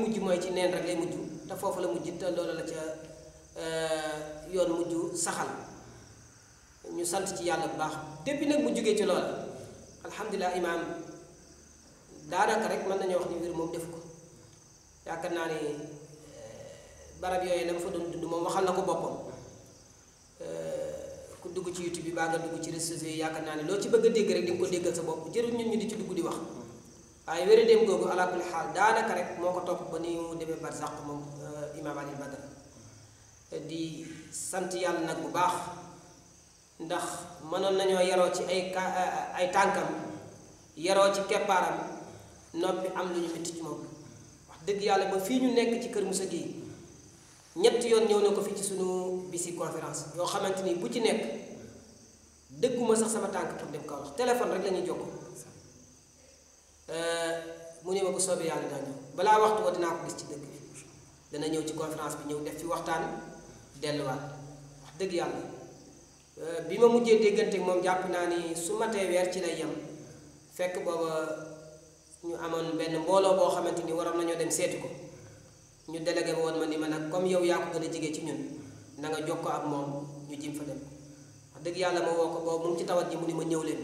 mujj mooy ci neen rek lay mujj te foofu la mujj te loolu la ca euh, yoon mujj saxal ñu sant ci yàlla bu baax depuis nag mu jógee ci loola alhamdulilah imaam daanaka rek mën nañoo wax di mbir moom def ko yaakaar naa ne euh, barab yooyu la mu fa doon dund moom waxal na ko boppam euh, ku dugg ci YouTube bi baa nga dugg ci réseaux yi yaakaar loo ci bëgg a dégg rek di ko déggal sa bopp jërul ñun ñu di ci dugg di wax waaye wéradéem googu ala kulli xaal daanaka rek moo ko topp ba ni mu demee barzaq moom euh, imaam Ali Badara di sant yàlla nag bu baax ndax mënoon nañoo yaroo ci ay euh, ay tànkam yaroo ci keppaaram noppi am lu ñu métti ci moom wax dëgg yàlla ba fii ñu nekk ci kër Moussa Gueye ñett yoon ñëw na ko fi ci sunu bisi conférence yoo xamante ni bu ci nekk dëgguma sax sama tànk pour dem kaw wax téléphone rek la ñuy jokk mu ne ma bu soobee yàlla daa ñëw balaa waxtu wa dinaa ko gis ci dëkk dana ñëw ci conférence bi ñëw def fi waxtaan delluwaat wax dëgg yàlla euh, bi ma mujjee déggante moom jàpp naa ni su matee weer ci lay yem fekk booba ñu amoon benn mbooloo boo xamante ni waroon nañoo dem seeti ko ñu délégué woon ma ni ma nag comme yow yaa ko gën a jege ci ñun na nga jox ko ak moom ñu jim fa dem wax dëgg yàlla ma woo ko boobu mu ci tawat ji mu ni ma ñëw leen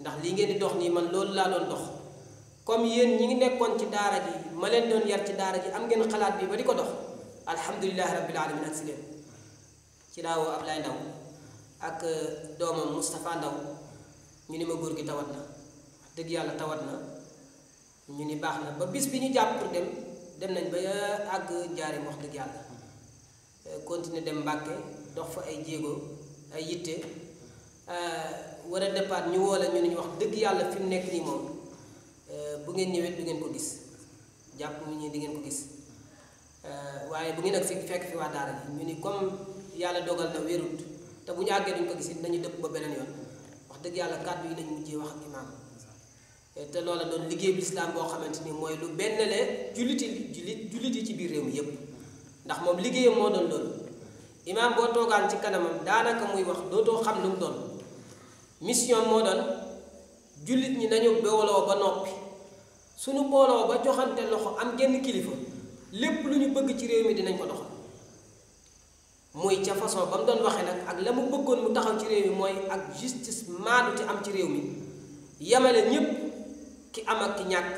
ndax lii dox nii man loolu laa doon dox comme yéen ñi ngi nekkoon ci daara ji ma leen doon yar ci daara ji am ngeen xalaat bi ba di ko dox alhamdulilahi rabbil alamin ak si leen ci laawoo Ablaye Ndaw ak doomam Moustapha Ndaw ñu ni ma góor gi tawat na dëgg yàlla tawat na ñu ni baax na ba bis bi ñu jàpp pour dem dem nañ ba àgg jaari wax dëgg yàlla continuer dem Mbàkke dox fa ay jéego ay yitte war a départ ñu woo la ñu ne ñu wax dëgg yàlla fi mu nekk nii moom bu ngeen ñëwee du ngeen ko gis jàpp mu ñi di ngeen ko gis euh, waaye bu ngeen ak si fekk fi waa daara ñu ni comme yàlla dogal na wérut te bu ñu àggee duñ ko gis it nañu dëpp ba beneen yoon wax dëgg yàlla kàddu yi lañ mujjee wax ak imaam te loola doon liggéey bu lislaam boo xamante ni mooy lu benn le julliti jullit jullit yi ci biir réew mi yépp ndax moom liggéeyam moo doon loolu imaam boo toogaan ci kanamam daanaka muy wax dootoo xam lu mu doon mission moo doon jullit ñi nañu bewaloo ba noppi suñu booloo ba joxante loxo am genn kilifa lépp lu ñu bëgg ci réew mi dinañ ko doxal muy ca façon ba mu doon waxee nag ak la mu bëggoon mu taxam ci réew mi mooy ak justice maanu ci am ci réew mi yamale ñépp ki am ak ki ñàkk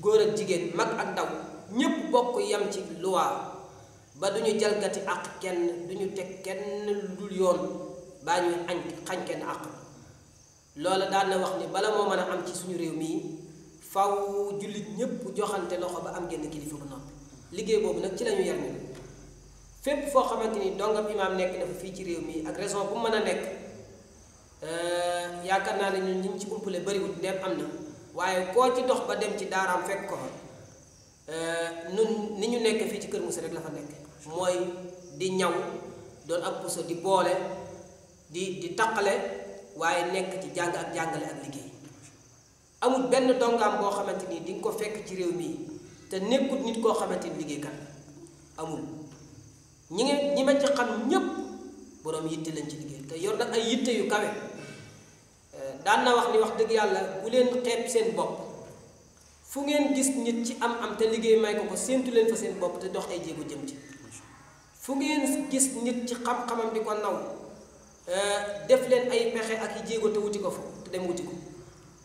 góor ak jigéen mag ak ndaw ñépp bokk yam ci loi ba du ñu jalgati àq kenn du ñu teg kenn lu yoon baa ñuy añ xañ kenn àq loola daan wax ni bala moo mën a am ci suñu réew mii faaw jullit ñëpp joxante loxo ba am genn kilifa bu noppi liggéey boobu nag ci la ñu yar fépp foo xamante ni dongam imaam nekk na fii ci réew mi ak raison bu mën a nekk euh, yaakaar naa ne ñun ñu ngi ci umpale bëriwut dem am na waaye koo ci dox ba dem ci daaraam fekk ko euh, nun ni ñu nekk fii ci kër Moussa rek la fa nekk mooy di ñaw doon ab puso di boole di di taqale waaye nekk ci jàng ak jàngale ak liggéey amul benn dongaam boo xamante ni di nga ko fekk ci réew mii te nekkut nit koo xamante ni liggéeykat amul ñi nga ñi ma ci xam ñépp boroom yitte lañ ci liggéey te yow na ay yitte yu kawe eh, daan na wax ni wax dëgg yàlla ku leen xeeb seen bopp fu ngeen gis nit ci am am te liggéey may ko ko séentu leen fa seen bopp te dox ay jéego jëm ci fu ngeen gis nit ci xam-xamam di ko naw eh, def leen ay pexe ak yi jéego te wuti ko fa te dem wuti ko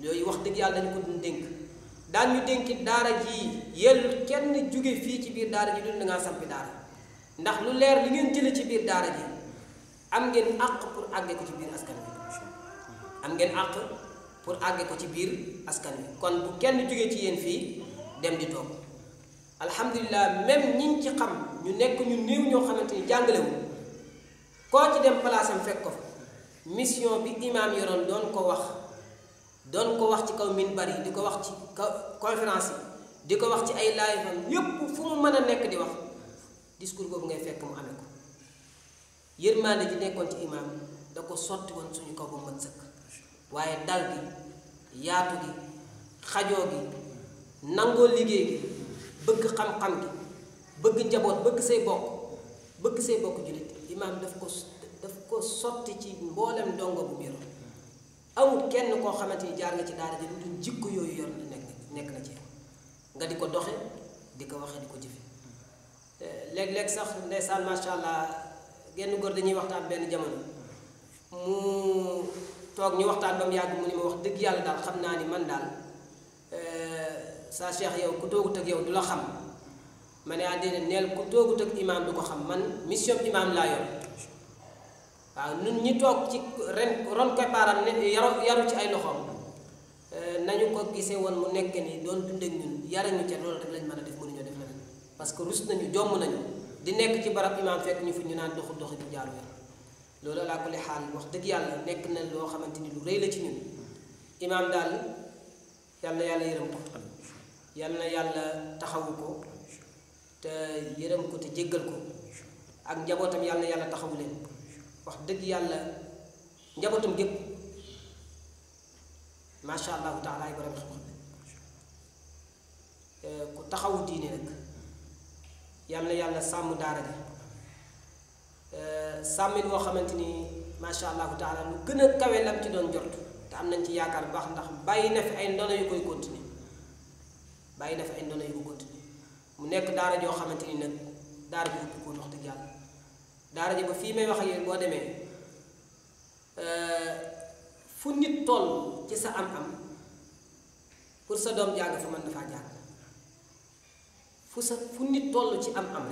yooyu wax dëgg yàlla ñu ko doon dénk daan ñu dénki daara ji yellu kenn jóge fii ci biir daara ji dund dangaa sampi daara ndax lu leer li ngeen jële ci biir daara ji am ngeen àq pour àggee ko ci biir askan bi am ngeen àq pour àggee ko ci biir askan bi kon bu kenn jógee ci yéen fii dem di toog alhamdulilah même ñi ci xam ñu nekk ñu néew ñoo xamante ni jàngalewu koo ci dem palaasam fekk ko mission bi imaam yoroon doon ko wax doon ko wax ci kaw minbar yi di ko wax ci kaw conférence di ko wax ci ay laay am yépp fu mu mën a nekk di wax discours boobu ngay fekk mu amee ko yërmaande ji nekkoon ci imaam da ko sotti woon suñu kaw ba mën sëkk waaye dal gi yaatu gi gi nangoo liggéey bëgg xam bëgg njaboot bëgg say bokk bëgg say bokk jullit imaam ko sotti ci mboolem dongo bu biiroon amul kenn koo xamante ni jaar nga ci daara ji lu dul jikko yooyu yor na nekk nekk na ci nga di ko doxe di ko waxe di ko jëfe léeg-léeg sax ndeysaan macha allah genn góor dañuy waxtaan benn jamono mu toog ñu waxtaan bam mu yàgg mu ni ma wax dëgg yàlla daal xam naa ni man daal euh, sa cheikh yow ku toogut ak yow du la xam ma ne ah déedéet neel ku toogut ak imaam du ko xam man mission imaam laa yor waaw nun ñi toog ci ren ron koy paaram ne yaru yaru ci ay loxoom eh, nañu ko gisee woon mu nekk nii doon dund ak ñun yarañu ca loolu rek lañ mën a def mënuñoo def leneen parce que rus nañu jomm nañu di nekk ci barab imaam fekk ñu fi ñu naan doxu doxu ñu jaaru yar loolu laa ko li xaal wax dëgg yàlla nekk na loo xamante ni lu rëy la ci ñun imaam daal yal yàlla yërëm ko yal na yàlla taxawu ko te yërëm ko te jéggal ko ak njabootam yàlla yàlla taxawu leen wax dëgg yàlla njabootam gépp macha allahu taala ay borom xam-xam ku taxawu diine nag yal na yàlla sàmm daara ji sàmmin woo xamante ni macha allahu taala lu gën a kawe lam ci doon jot te am nañ ci yaakaar bu baax ndax bàyyi na fi ay ndono yu koy continuer bàyyi na fi ay ndono yu koy continuer mu nekk daara joo xamante ni nag daara ji ëpp ko dox daara ji ba fii may wax ak moo boo demee euh, fu nit toll ci sa am-am pour sa doom jàng fa mën na faa fu sa fu ci am-am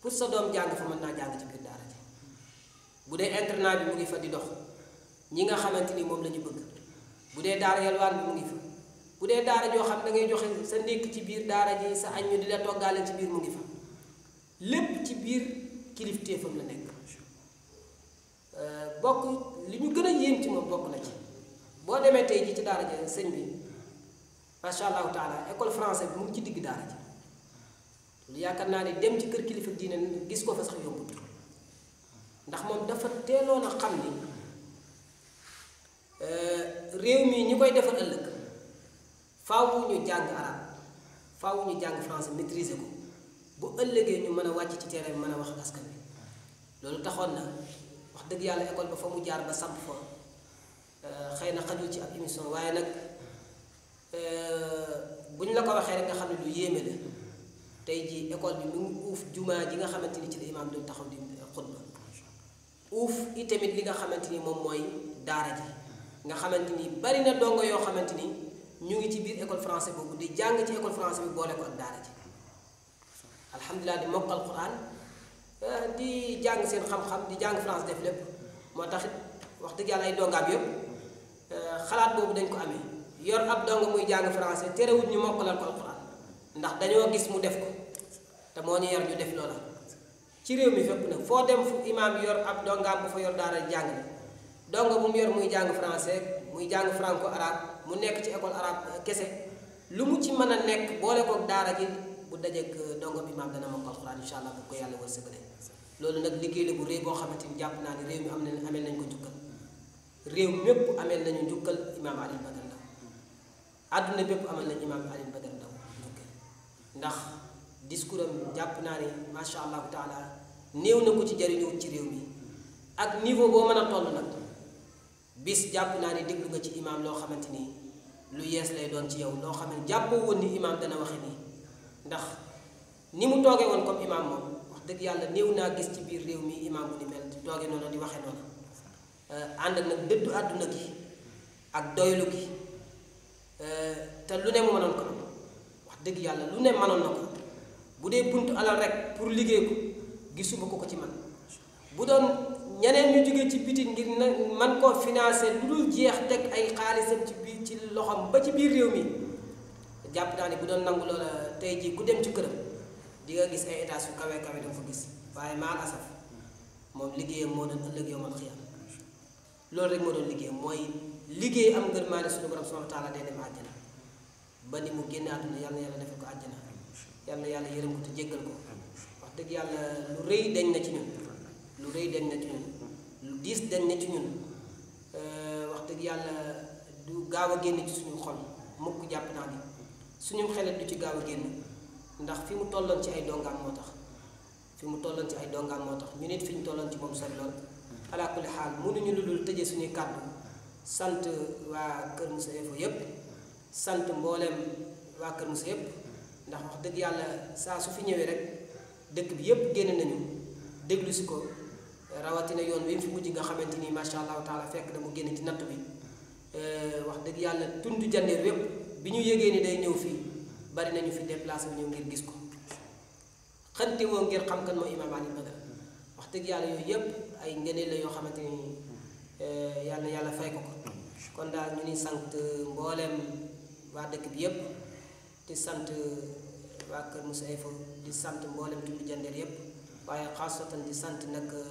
pour sa doom jàng fa mën naa jàng ci biir daara ji bu dee internat bi mu ngi fa di dox ñi nga xamante ni moom la bëgg bu dee daara yalwaan bi mu ngi fa bu dee daara joo xam ne ngay joxe sa ndékk ci biir daara ji sa añ ñu di la toggaale ci biir mu ngi fa lépp ci biir. kilifteefam la nekk euh, bokk li ñu gën a yéem ci moom bokk na ci boo demee tey jii ci daara ja sëñ bi macha allahu taala école française bi mu ci digg daara ji lu yaakaar naa ne dem ci kër kilifa diine gis ko fa sax yombut ndax moom dafa teeloon a xam ni euh, réew mi ñi koy defar ëllëg faaw ñu jàng arab faaw ñu jàng français maîtriser ko. bu ëllëgee ñu mën a wàcc ci terrain bi mën a wax askan bi loolu taxoon na wax dëgg yàlla école ba fa mu jaar ba samp fa xëy na xajul ci ab émission waaye nag buñ la ko waxee rek nga xam ne lu yéeme la tey jii école bi mu ngi uuf jumaa ji nga xamante ni ci la imaam doon taxaw di xutba uuf itamit li nga xamante ni moom mooy daara ji nga xamante ni bari na dongo yoo xamante ni ñu ngi ci biir école français boobu di jàng ci école français bi boole ko ak daara ji alhamdulilah di mokkal quran eh, di jàng seen xam-xam di jàng France def lépp moo tax it wax dëgg yàlla ay dongaam yëpp eh, xalaat boobu dañ ko amee yor ab dong muy jàng français terewut ñu mokkalal ko alquran ndax dañoo gis mu def ko te moo ñu yor def loola ci réew mi fépp nag foo dem fu imaam yor ab dongaam bu fa yor daara jàng dong mu yor muy jàng français muy jàng franco arabe mu nekk ci école arabe kese lu mu ci mën a nekk boole koog daara ji bu dajeeg dongo bi maam dana mokkal xuraan incha allah bu ko yàlla war sëgale loolu nag liggéey la bu réy boo xamante ni jàpp naa ne réew mi am nañ ameel nañ ko njukkal réew mépp ameel nañu njukkal imaam Alioune Badara Ndao àdduna bépp amal nañ imaam Alioune Badara Ndao njukkal ndax discours am jàpp naa ne macha allahu taala néew na ko ci jariñoo ci réew mi ak niveau boo mën a toll nag bis jàpp naa ne déglu nga ci imaam loo xamante ni lu yees lay doon ci yow loo xam ne jàppoo woon ni imaam dana waxe nii ndax ni mu toogee woon comme imaam moom wax dëgg yàlla néew naa gis ci biir réew mi imaam bu ni mel di tooge noonu di waxe noonu euh, ànd ak nag dëddu àdduna gi ak doylu gi euh, te lu ne mu mënoon ko wax dëgg yàlla lu ne manoon na ko bu dee buntu alal rek pour liggéey ko gisuma ko ko ci man bu doon ñeneen ñu jógee ci biti ngir na man koo financé lu dul jeex teg ay xaalisam ci biir ci loxoom ba ci biir réew mi jàpp naa bu doon nangu loola tey jii ku dem ci këram di nga gis ay étage yu kawe kawe danga fa gis waaye maal asaf moom liggéeyam moo doon ëllëg yow man loolu rek moo doon liggéeyam mooy liggéey am ngër maa ne suñu borom subhanahu wa taala day dem àjjana ba ni mu génne àdduna yàlla yàlla defal ko àjjana yàlla yàlla yërëm ko te jéggal ko wax dëgg yàlla lu rëy dañ na ci ñun lu rëy dañ na ci ñun lu diis dañ na ci ñun euh, wax dëgg yàlla du gaaw a génn ci suñu xol mukk jàpp suñu xelet du ci gaaw a génn ndax fi mu tolloon ci ay dongaam moo tax fi mu tolloon ci ay dongaan moo tax ñu nit fi ñu tolloon ci moom sori lool alaa kulli xaal ñu lu dul tëjee suñuy kàddu sant waa Kër Moussa Info yëpp sant mboolem waa Kër Moussa yëpp ndax wax dëgg yàlla saa su fi ñëwee rek dëkk bi yëpp génn nañu déglu si ko rawatina yoon wi fi mujj nga xamante ni macha allahu taala fekk na mu génn ci natt bi euh, wax dëgg yàlla tund jandeer yëpp. bi ñu yégee ni day ñëw fii bari nañu fi déplacé wu ñëw ngir gis ko xanti woo ngir xam kan mooy imaam Ali Badara wax dëgg yàlla yooyu yëpp ay ngëneel la yoo xamante ni eh, yàlla yàlla fay ko ko kon daal ñu ni sant euh, mbooleem waa dëkk bi yëpp di sant euh, waa Kër Moussa Efo di sant mboolem tund jandeer yëpp waaye xaasatan di sant nag euh,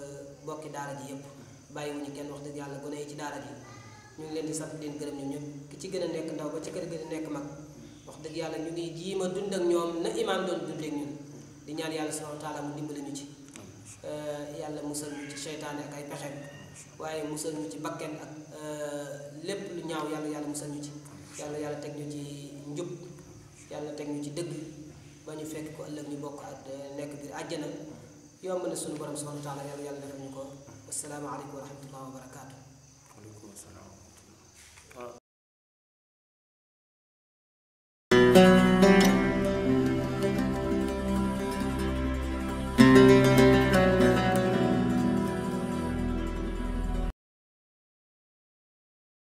bokki daara ji yëpp bàyyi mu ñu kenn wax dëgg yàlla gone yi ci daara ji ñu ngi leen di sant leen gërëm ñu ki ci gën a nekk ndaw ba ci kër gën a nekk mag wax dëgg yàlla ñu ngi jiima dund ak ñoom na imaam doon dund ak ñun di ñaan yàlla subhanahu wa taala mu dimbali ñu ci euh, yàlla musal ñu ci seytaane ay pexeem waaye musal ñu ci bakken ak euh, lépp lu ñaaw yàlla yàlla musal ñu ci yàlla yàlla teg ñu ci njub yàlla teg ñu ci dëgg ba ñu fekk ko ñu bokk ak euh, nekk biir àjjana na suñu borom subhanahu wa yàlla yàlla ko wasalaamaaleykum wa rahmatullah thank you